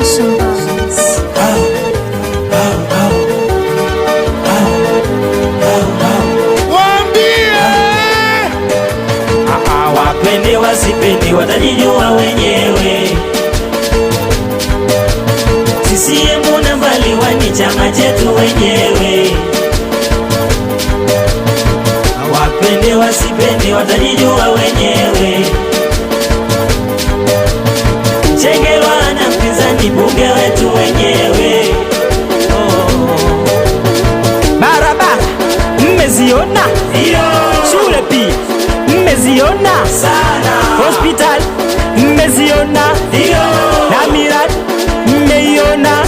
Ocean watajijua wenyewe. CCM na Mbaliwa ni chama chetu wenyewe. Wapende wasipende watajijua wenyewe. mmeziona hospitali mmeziona na miradi mmeiona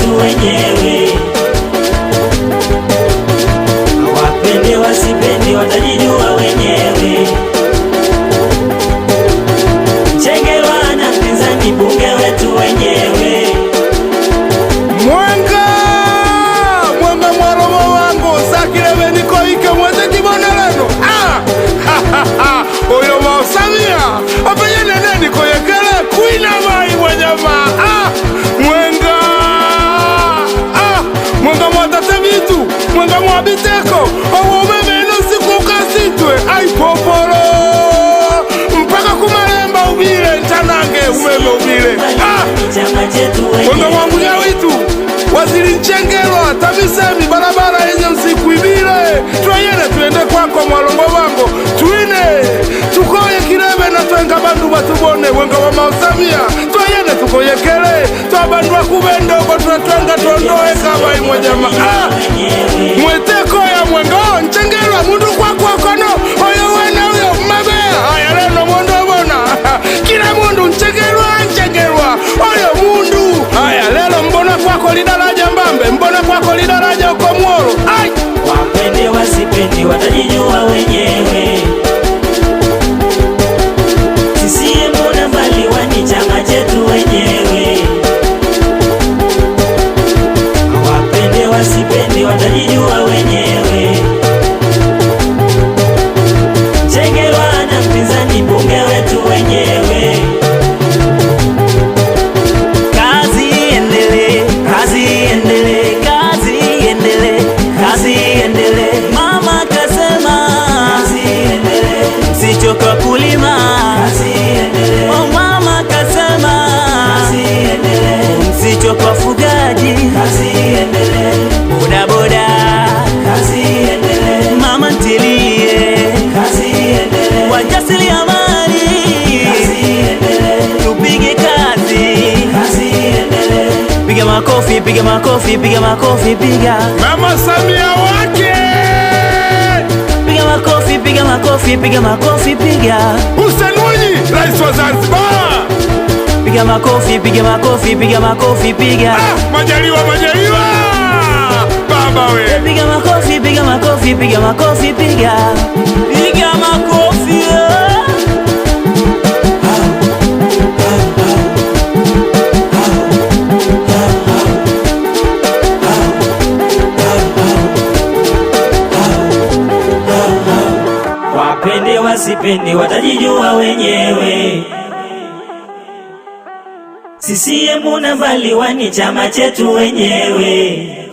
watu wenyewe, wapende wasipende, watajijua wenyewe. Chengerwa na mpinzani, bunge wetu wenyewe. Mwanga mwanga mwaromo wangu sakileve nikoike Ongezeko owo umeme usiku kasitwe aipopolo mpaka kumalemba ubile ntanange umeme ubile ondo wangu ya witu waziri nchengelwa TAMISEMI barabara yenye msikuibile twayene tuende kwako mwalongo wango twine twenga bandu batubone wenga wa mausamia twayene tukoyekele twa bandu bakubendoko tunatwenga tondoeka jama jamaa ah! mweteko ya mwenga oncengelwa oh, mundu kwakwakono oyo wene uyo mumabea haya leno obona kila mundu ncengelwa ncengelwa oyo mundu haya lelo mbona kwako lidaraja mbambe mbona kwako lidaraja uko mwolo ai wapendi wasipendi watajinyuwa wenye mafunzo kwa fugaji, kazi endelee, Boda boda, kazi endelee, Mama ntilie, kazi iendelee. Wajasiriamali, kazi iendelee. Tupige kazi, kazi endelee, Piga makofi, piga makofi, piga makofi, piga Mama Samia wake. Piga makofi, piga makofi, piga makofi, piga Hussein Mwinyi, Rais wa Zanzibar piga makofi, piga makofi, piga makofi, piga. Ah, Majaliwa, Majaliwa. Baba we. E, piga makofi, piga makofi, piga makofi, piga. Piga makofi. Eh. Wapende wasipende watajijua wenyewe sisiemu na ni chama chetu wenyewe.